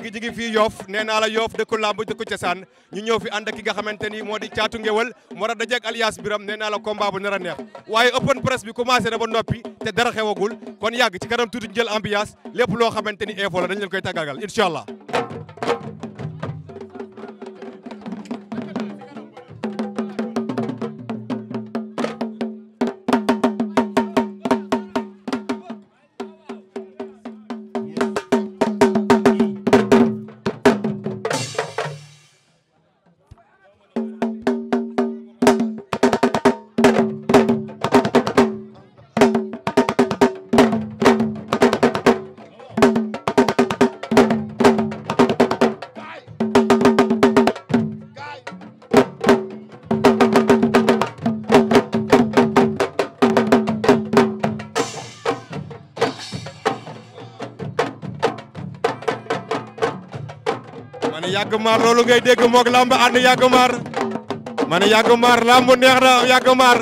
léegi jigi fii yoof nee naa la yoof dëkku làmb dëkku cosaan ñu ñëw fi ànd a ki nga xamante ni moo di caatu ngewal war a dajeek alias biram nee naa la combat bu nar a neex waaye open press bi commencé na ba noppi te dara xewagul kon yàgg ci kanam tuuti jël ambiance lépp loo xamante ni info la dañ leen koy tàggagal incha allah yàgg maar loolu ngay dégg moog lamb ànd neex na yàgg maar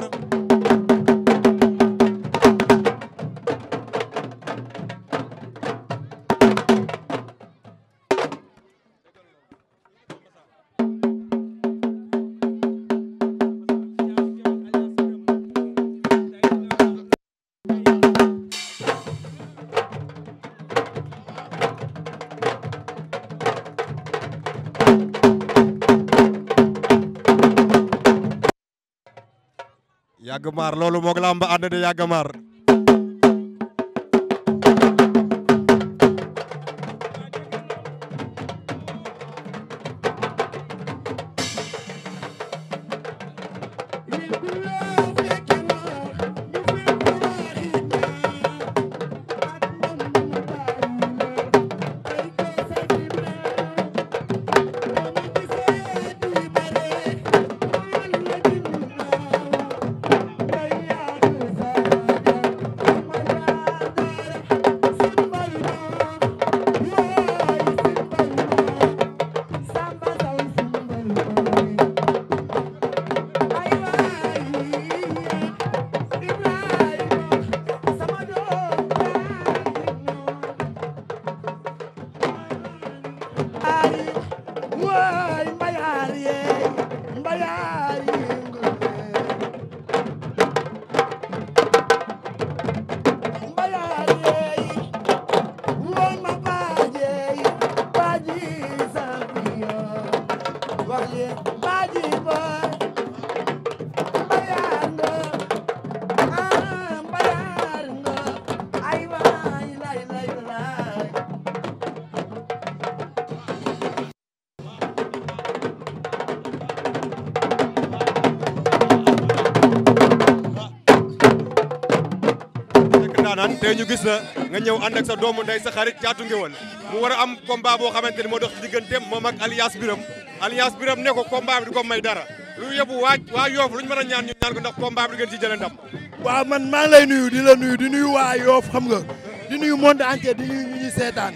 maar loolu moog làmb ànd de yàgg maar ndaanaan ñu gis na nga ñëw ànd ak sa doomu ndey sa xarit caatu ngéwël mu war a am combat boo xamante ni moo dox ci digganteem moom ak alliance biram alliance biram ne ko combat bi du may dara lu yóbbu waaj waa a ñaan ñu ñaan ko ndax combat bi du ngeen ci jëlee ndam waaw man maa ngi lay nuyu di la nuyu di nuyu waa yoof xam nga di nuyu monde entier di nuyu ñu ñuy seetaan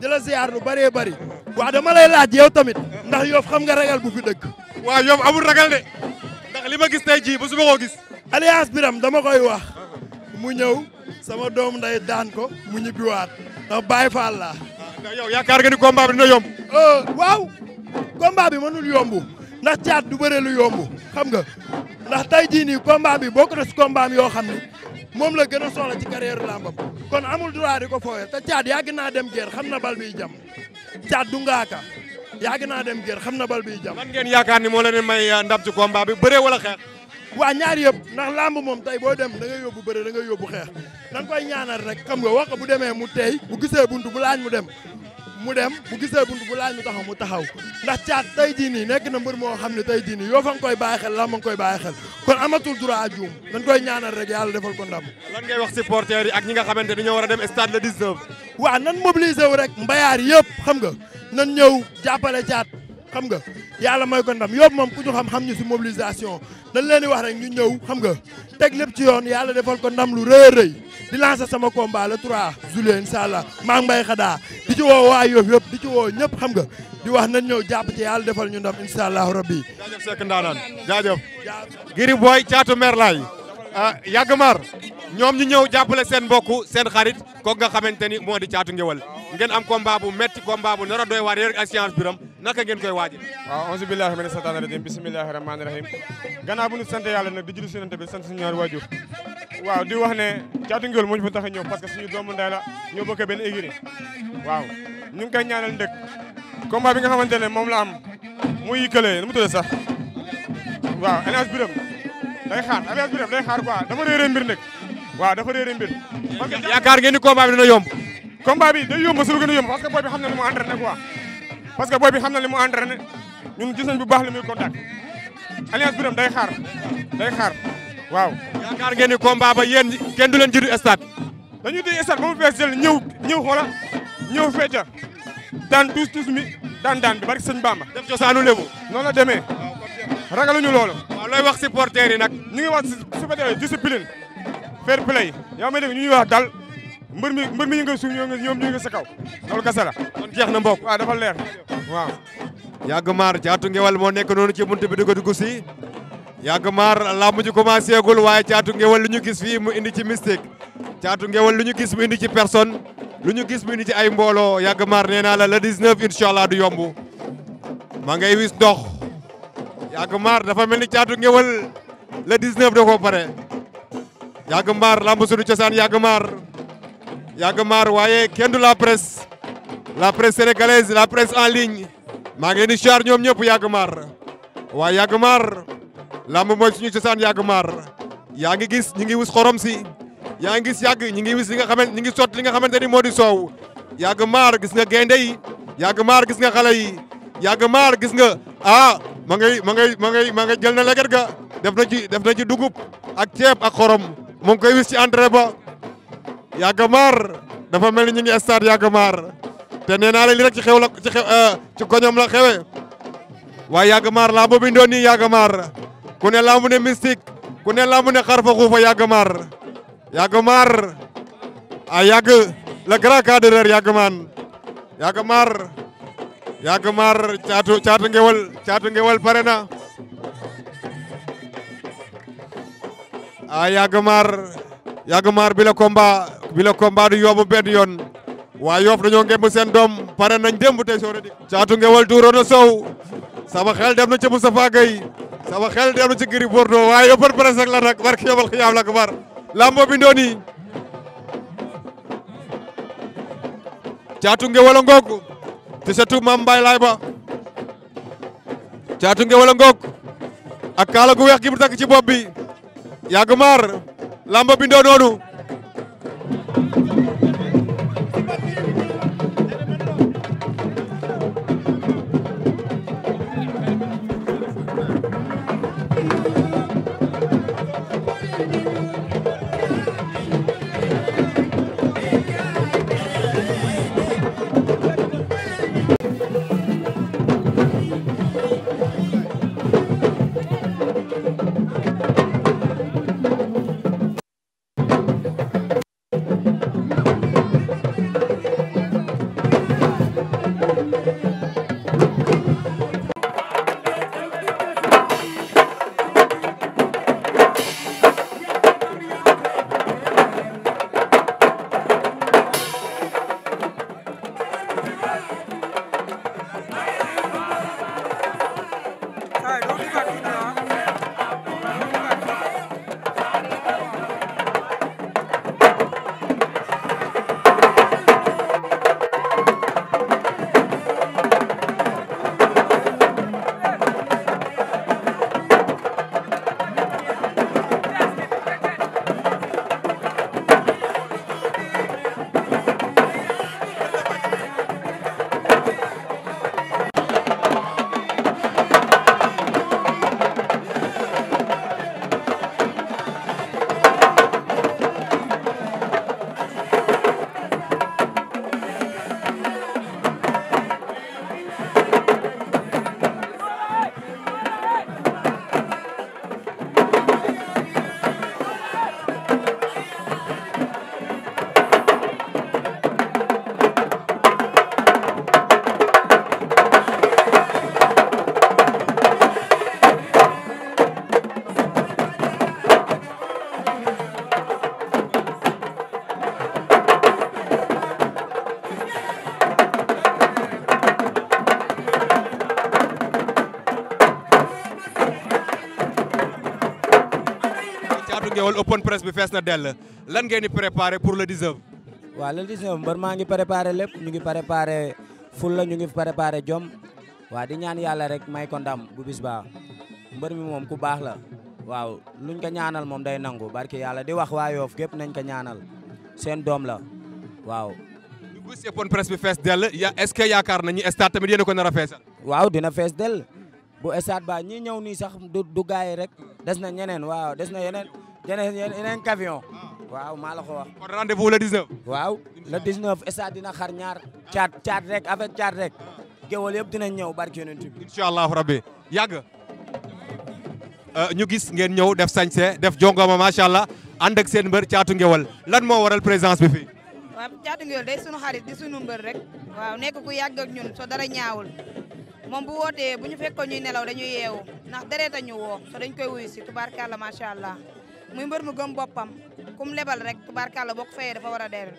di la ziar lu bëree bëri waaw dama lay laaj yow tamit ndax yoof xam nga ragal bu fi dëkk waa yoof amul ragal de ndax li ma gis tey jii ba si ma koo gis alliance biram dama koy wax mu ñëw sama doom nday daan ko mu ñibbiwaat ndax Baye Fall laa. yow yaakaar nga ni combat bi dina yomb. Euh, waaw combat bi mënul yomb ndax caat du bëre lu yomb xam nga ndax tey jii nii combat bi ko na si combat yoo xam ni moom la gën a ci carrière làmbam kon amul droit di ko fooye te caat yàgg naa dem guerre xam na bal biy jam caat du ngaaka yàgg naa dem guerre xam na bal biy jam. lan ngeen yaakaar ni moo leen may euh, ndam ci combat bi waa ñaar yëpp ndax làmb moom tey boo dem danga nga yóbbu bëre da nga yóbbu xeex nan koy ñaanal rek xam nga wax bu demee mu tey bu gisee buntu bu laaj mu dem mu dem bu gisee buntu bu laaj mu taxaw mu taxaw ndax caat tey jii nii nekk na mbër moo xam ne tey jii nii yoo fa koy bàyyi xel làmb nga koy bàyyi xel kon amatul droit juum dañ koy ñaanal rek yàlla defal ko ndam lan ngay wax supporters yi ak ñi nga xamante ni ñoo war a dem stade le 19. waaw nan mobiliser wu rek mbayaar yëpp xam nga nan ñëw jàppale caat xam nga yàlla may ko ndam yóbbu moom ku ñu xam xam ñu si mobilisation dañ leen di wax rek ñu ñëw xam nga teg lépp ci yoon yàlla defal ko ndam lu rëy rëy di lancer sama combat le 3 juillet incha allah maa ngi mbay xadaa di ci wo waa Yoff yëpp di ci woo ñëpp xam nga di wax nañ ñëw jàpp ci yàlla defal ñu ndam incha allahu rabbi. jaajëf Seck Ndaanaan jaajëf. Giri Boy caatu mer laay ah, yàgg mar ñoom ñu ñëw jàppale seen mbokk seen xarit kooku nga xamante ni moo di caatu ngewal ngeen am combat bu metti combat bu nar a doy waar naka ngeen koy waajal waaw onze billahi mina seytaani rajim bismillahi rahmaani rahim gannaaw bu ñu sant yàlla nag di julli sunante bi sant suñu ñaari waajur waaw di wax ne caatu ngiwél moo ñu fa tax a ñëw parce que suñu doomu nday la ñoo bokk benn écurie waaw ñu ngi koy ñaanal ndëkk combat bi nga xamante ne moom la am muy yëkkale nu mu tudd sax waaw Elias Birame day xaar Elias Birame day xaar waa dafa réeré mbir nag waaw dafa réeré mbir yaakaar ngeen ni combat bi dina yomb combat su lu gën a parce que booy bi xam na li mu entraîné ñun gis nañ bu baax li muy contact alliance biram day xaar day xaar waaw. yaakaar ngeen ni combat kenn du leen jiitu stade. dañuy dee stade ba mu fees jël ñëw ñëw xoola ñëw fecca daan tuus tuus mi daan daan bi barke sëñ Bamba. def cosaanu Lebu. noonu la demee ragaluñu loolu. waaw looy wax supporters yi nag. ñu ngi wax supporters yi discipline fair play yow ma dégg ñuy wax dal mbër mi mbër mi ñu nga suuf ñoom ñu nga sa kaw loolu jeex na mbokk waaw ah, dafa leer waaw yàgg maar caatu moo nekk noonu ci bunt bi di ko dugg si yàgg maar làmb ji commencé gul waaye caatu ngewal lu ñu gis fii mu indi ci mystique caatu ngewal lu ñu gis mu indi ci personne lu ñu gis mu indi ci ay mbooloo yàgg maar nee la le 19 incha allah du yomb ma ngay wis dox yàgg dafa mel ni caatu ngewal le 19 da koo pare yàgg maar làmb suñu cosaan yàgg yàgg maar waaye kenn du la presse la presse sénégalaise la presse en ligne maa ngi leen di ñoom ñëpp yàgg maar waaye yàgg maar lamb mooy suñu cosaan yàgg maar yaa ngi gis ñi ngi wis xorom si yaa ngi gis yàgg ñi ngi wis li nga xamante ñi ngi sotti li nga xamante ni moo di soow yàgg maar gis nga gaynde yi yàgg maar gis nga xale yi yàgg maar gis nga ah ma nga ma ngay ma ngay ma ngay jël na leget ga def na ci def na ci dugub ak ceeb ak xorom mu koy wis ci entrée ba Yagmar dafa mel ni ñu ngi stade Yagmar te nee naa li rek ci xew la ci euh, koñom la xewe waaye Yagmar laa boobu ndoon nii Yagmar ku ne laa mu ne mystique ku ne laa mu ne xarfa xuufa a yàgg le caatu caatu ngewal pare na a Yagmar Yagmar bi la combat bi la combat du yomb yoon waa Yoff dañoo ngemb seen doom pare nañ démb tey soo di caatu ngewal tuuroo sow sama xel dem na ci Moustapha Gueye sama xel dem na ci Gris Bordeaux waaye open press rek la nag barki yobal xiyaam la ko bar lambo bi ndooni caatu ngewal a ngoog te surtout mam mbaay laay ba caatu ngewal a ngoog ak kaala gu weex gi mu ci bopp bi yàgg maar lambo bi ndoo fees na dell lan ngeen di préparé pour le 19. waaw le 19 mbër maa ngi préparé lépp ñu ngi préparé ful la ñu ngi préparé jom waaw di ñaan yàlla rek may ko ndam bu bis mi moom ku baax la waaw luñ ko ñaanal moom day nangu barki yàlla di wax waa Yoff gépp nañ ko ñaanal seen doom la waaw. ñu gis épon presse bi fees dell ya est ce que yaakaar nañu stade tamit yéen a ko nar a feesal. waaw dina fees dell bu stade ba ñi ñëw nii sax du gaay rek des na ñeneen waaw des na yeneen yeneen camion waaw maa la ko wax. kon waaw le 19 stade dina xar ñaar caat caat rek avec caat rek géwal yëpp dinañ ñëw barke yonent bi. incha allahu rabbi yàgg. Euh, ñu gis ngeen ñëw def sañse def jongoma macha allah ànd seen mbër caatu ngewal lan moo waral présence bi fii. waaw caatu ngewal day sunu xarit di sunu mbër rek. waaw nekk ku yàgg ak ñun so dara ñaawul moom bu wootee bu ñu fekkoon ñuy nelaw dañuy yeewu ndax dereet ñu woo so dañ koy wuyu si tubaarkàlla macha allah. mu mbër mu gëm boppam kum lebal rek tubaarkàlla boo ko fayee dafa war a dellu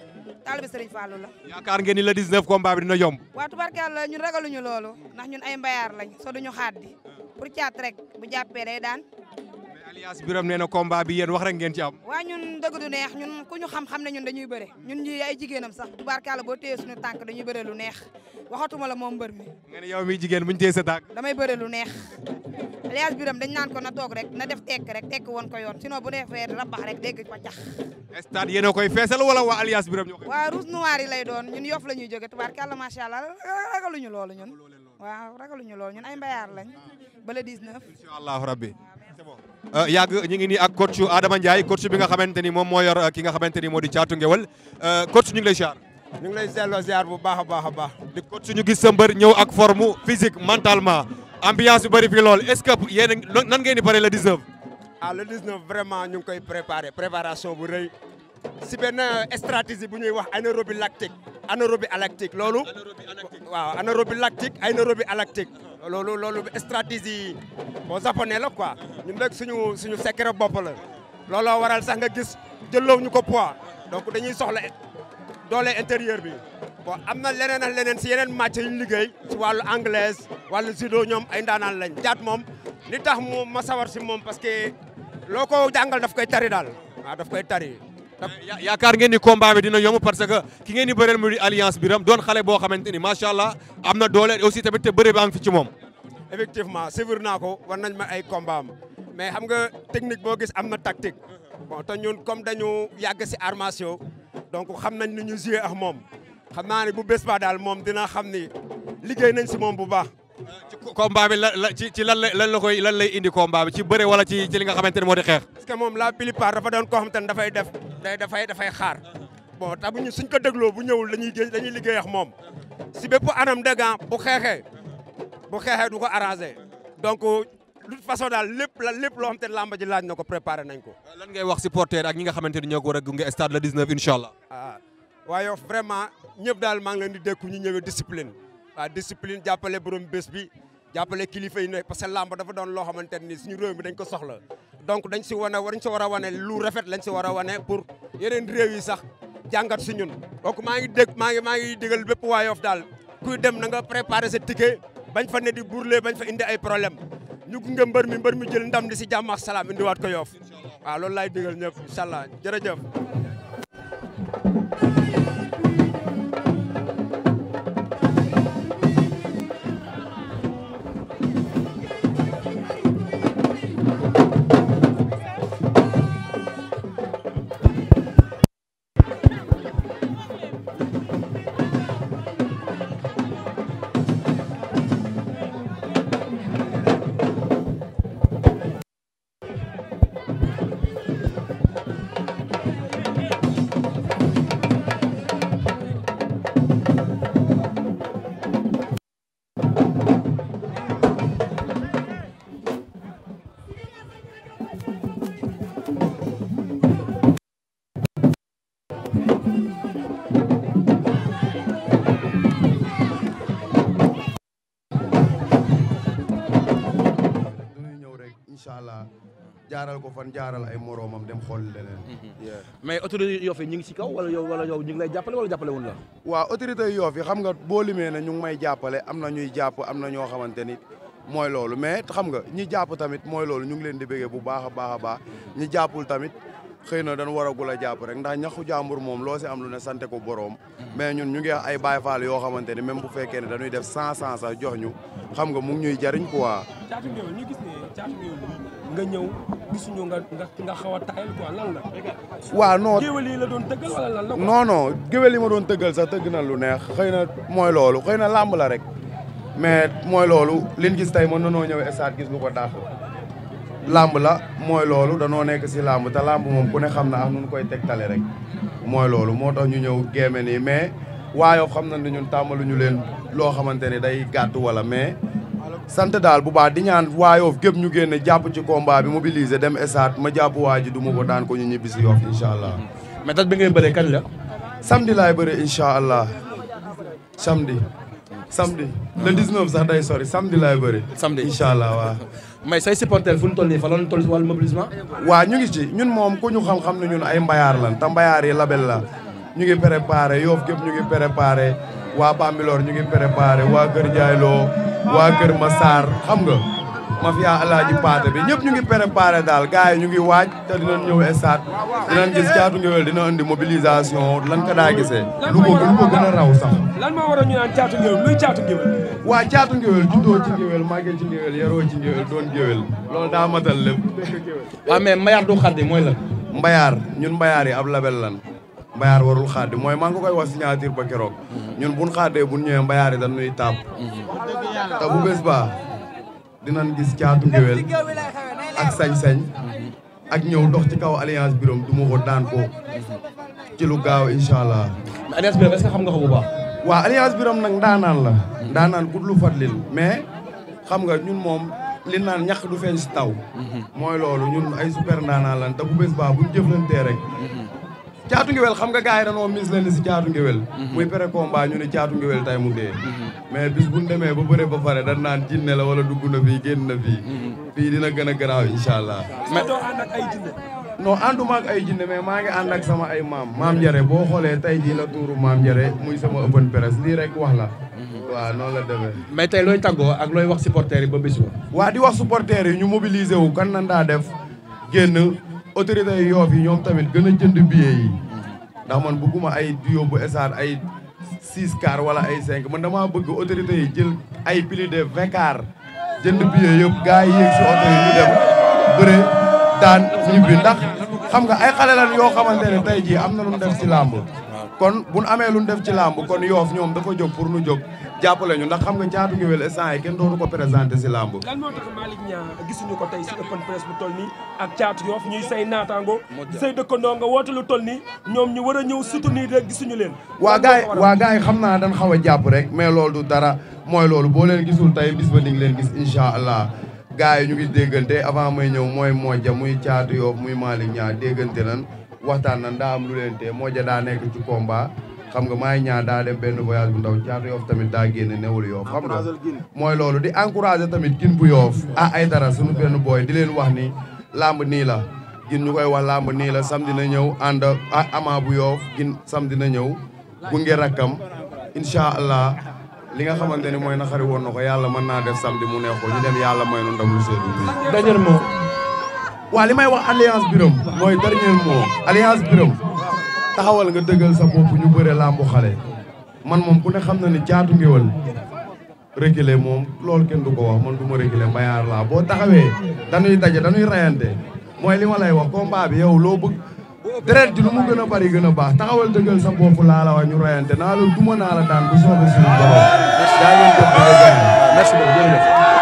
taalibe Serigne Fallou la yaakaar ngeen ni le 19 combat bi dina yomb waaw tubaarkàlla ñun ragaluñu loolu ndax ñun ay mbayaar lañ so duñu xaat di pour caat rek bu jàppee day daan alliance Birame nee na combat bi yéen wax rek ngeen waa ñun dëgg du neex ñun ku ñu xam-xam ne ñun dañuy bëre ñun ñi ay jigéenam sax tubaarkaala boo téye suñu lu neex waxatuma la moom mbër mi. nga ne yow mi jigéen bu ñu téye sa tànk. damay bëre lu neex alliance Birame dañ naan ko na toog rek na def tekk rek tekk woon ko yoon sinon bu def reer rabax rek dégg ko cax. stade yéen a koy feesal wala waa alliance Birame ñoo koy. waa rouge noir yi lay doon ñun yof la ñuy jóge tubaarkaala allah rabbi Euh, yàgg ñu ngi nii ak coach Adama Ndiaye coach bi nga xamante ni moo yor euh, ki nga xamante ni moo di caatu ngewal euh, coach ñu ngi lay ziar. ñu ngi lay seetloo bu baax a baax a baax. di coach ñu gis sa ñëw ak forme physique mentalement ambiance yu lool est nan ngeen di pare le 19. ah le 19 vraiment ñu ngi koy préparé préparation bu rëy si benn stratégie bu ñuy wax anaérobie lactique anaérobie lactique loolu. anaérobie loolu loolu stratégie boo japonais la quoi ñun nag suñu suñu secret bopp la looloo waral sax nga gis jëloow ñu ko poids donc dañuy soxla doole intérieur bi bon am na leneen ak leneen si yeneen match yu ñu liggéey si wàllu anglaise wàllu judo ñoom ay ndaanaan lañ jaat moom li tax mu ma sawar si moom parce que loo ko jàngal daf koy tari daal waaw ah, daf koy tari yaakaar ngeen ni combat bi dina yomb parce que ki ngeen di bëreel mu di alliance biram doon xale boo xamante ni macha allah am na doole aussi tamit te bëre bi am fi ci moom. effectivement suivre naa ko war nañ ma ay combat am mais xam nga technique boo gis am na tactique bon te ñun comme dañu yàgg si armation donc xam nañ nu ñu jouer ak moom xam naa ne bu bés ba daal moom dina xam ni liggéey nañ si moom bu baax. ci combat bi la la ci ci lan la lan la koy lan lay indi ko bi ci bëre wala ci ci li nga xamante ne moo di xeex. parce que moom la plupart dafa doon koo xam te dafay def dafay xaar bon te bu ñu suñ ko dégloo bu ñëwul dañuy dañuy liggéey ak moom si bépp anam de gan bu xeexee bu xeexee du ko arrangé donc euh, de toute façon daal lépp la lépp loo xam te ne laaj na ko préparé nañ ko. Euh, lan ngay wax supporter ak ñi nga xamante ne ñoo ko war a gunge stade le 19 incha allah. waaw ah, waaye vraiment ñëpp daal maa ngi leen di dékku ñu ñëwee discipline. waaw discipline jàppale borom bés bi jàppale kilifa ne parce que làmb dafa doon loo xamante ni ñu réew mi dañ ko soxla donc dañ si wane dañ si war a wane lu rafet lañ si war wane pour yeneen réew yi sax jàngat si ñun. donc maa ngi dégg maa ngi maa ngi digal bépp waa Yoff daal kuy dem na nga préparer sa ticket bañ fa ne di bourler bañ fa indi ay problème ñu gunge mbër mi mbër mi jël ndam di si jàmm ak salaam indiwaat ko Yoff waaw loolu laay dégal ñëpp incha allah jërëjëf. jaaral ko fan jaaral ay moroomam dem xool leneen. Mhm. mais autorité Yoff yi ñu ngi ci kaw wala yow wala yow ñu ngi lay jàppale wala jàppale wuñ la. waaw autorité Yoff yi xam nga boo limee ne ñu ngi may jàppale am na ñuy jàpp am na ñoo xamante ni mooy loolu mais xam nga ñi jàpp tamit mooy loolu ñu ngi leen di bëggee bu baax a baax a baax ñi jàppul tamit. xëy na dañ waragul a gula jàpp rek ndax ñaxu jàmbur moom loo si am lu ne sante ko boroom mhm. mais ñun ñu ngi ay Baay Faal yoo xamante ni même bu fekkee ne dañuy def cent cent sax jox ñu xam nga mu ngi ñuy jariñ quoi. nga ñëw gisuñu nga nga xaw a taayal quoi lan la. waaw non géwél la doon tëggal lan la non non géwél yi ma sax tëgg na lu neex xëy na mooy loolu xëy na làmb la rek. mais mooy loolu liñ gis tey mën nanoo ñëw stade gis lu ko dàq làmb la mooy loolu danoo nekk si làmb te làmb moom ku ne xam na am nu koy tegtale rek mooy loolu moo tax ñu ñëw géeme nii mais waayo xam nañ ne ñun ñu leen loo xamante ni day gàtt wala mais. sant daal bu baax di ñaan waa Yoff gépp ñu génne jàpp ci combat bi mobiliser dem esaat ma jàpp waa ji du ma ko daan ko ñu ñibbi si Yoff allah. mais date bi ngeen bëree kañ la. samedi laay bëree incha allah samedi. samedi le 19 sax day sori samedi laay bëri. incha allah waaw. mais say supporter fu ñu toll nii fa loolu ñu ngi ci ñun moom ku ñu xam-xam ne ñun ay mbayaar lan te mbayaar yi label la ñu ngi préparé Yoff gépp ñu ngi préparé waa Bambilor ñu ngi préparé waa Kër Ndiaye waa Kër Massar xam nga mafia alaaji paate bi ñëpp ñu ngi préparé daal gars yi ñu ngi waaj te dinañ ñëw stade dinañ gis caatu ngewel dina indi mobilisation lan ka daa gisee lu ko lu ko gën a lan moo ñu naan caatu ngewel luy caatu ngewel waa caatu ngewel juddoo ci ngewel màggee ci ngewel yaroo ci doon ngewel loolu daa matal lépp waaw mais mbayaar du xaddi mooy lan mbayaar ñu mbayaar yi ab label lan mbayaar warul xaadi mooy maa ngi koy wax signature ba keroog ñun buñ xaadee buñ bun mbayaar yi dañuy tàpp taab bu bés ba dinañ gis caatu ngéwél ak sañ-sañ ak ñëw dox ci kaw alliance birom du ma ko daan ko ci lu gaaw incha allah mais birom est-ce que xam nga ko bu baax waaw alliance birom nag ndaanaan la ndaanaan ku lu fatlil mais xam nga ñun moom li naan ñax du feeñ si taw mhm. mooy loolu ñun ay super ndaanaan lan te bu bés ba buñ jëflantee rek mhm. caatu ngewel xam nga gars yi dañoo mis leen si caatu ngewel mhm. muy pré combat ñu ne caatu ngewel tay mu dee mhm. mais bis bu demee ba bëre ba pare dañ naan jinne la wala dugg na fii génn na fii mhm. fii dina gën a garaaw incha allah doo ànd ak ay jinne non ànduma ak maa ngi ànd ak sama ay maam maam njare boo xoolee tey jii la tuuru maam njare muy sama open press lii rek wax la waaw noonu la demee mais tey looy tàggoo ak looy wax supporters yi ba bis ba waa di wax supporters yi ñu mobiliser wu kan nan daa def génn autorité yi yoof yi ñoom tamit gën a jënd billet yi ndax man bëgguma ay du yóbbu esaat ay six car wala ay cinq man damaa bëgg autorité yi jël ay plus de vingt jënd billet yëpp gars yi yéeg si oto yi ñu bëre daan ñibbi ndax xam nga ay xale yoo xamante ne tey jii am na lu ñu def ci làmb kon buñ amee lu ñu def ci làmb kon yoof ñoom dafa jog pour nu jóg jàppale ñu ndax xam nga caatu ngéwél instant yi kenn dootu ko présenté si làmb. lan ko tey si open press bu toll nii ak caatu Yoff ñuy say naataango. say dëkkandoo nga woote lu toll nii ñoom ñu war a ñëw surtout nii rek leen. waa gaay waa gaay yi xam naa dañ xaw a jàpp rek mais loolu dara mooy loolu boo leen gisul tey bis ba di leen gis incha allah. gaay yi ñu ngi déggante avant mooy ñëw mooy Modja muy caatu Yoff muy Malick ñaa déggante nan waxtaan nan daa am lu leen tee Modja daa nekk ci combat xam nga maa ñaar daa dem benn voyage bu ndaw caatu yoof tamit daa génne newul yoof xam nga mooy loolu di encouragé tamit gin bu a ay ah, dara suñu benn booy di leen wax ni làmb nii la gin ñu koy wax làmb nii la di na ñëw ànd ak ah, ama bu yoof gin samedi na ñëw gunge rakkam incha allah li nga xamante ni mooy naxari woon na ko yàlla mën naa def sam samedi mu neex ko ñu dem yàlla may nu ndam lu seedu dernier mot waa li may wax alliance biram mooy dernier mot alliance biram taxawal nga dëggal sa bopp ñu bëre làmbu xale man moom ku ne xam na ni jaatu caatu ngéwël reculé moom loolu kenn du ko wax man du ma reculé mbayaar laa boo taxawee dañuy daje dañuy rayante mooy li ma lay wax combat bi yow loo bëgg deret ji lu mu gën a bari gën a baax taxawal dëggal sa bopp naa la wax ñu rayante naa la duma naa la daan bu soobee suñu borom daa ngeen jëf merci beaucoup jërëjëf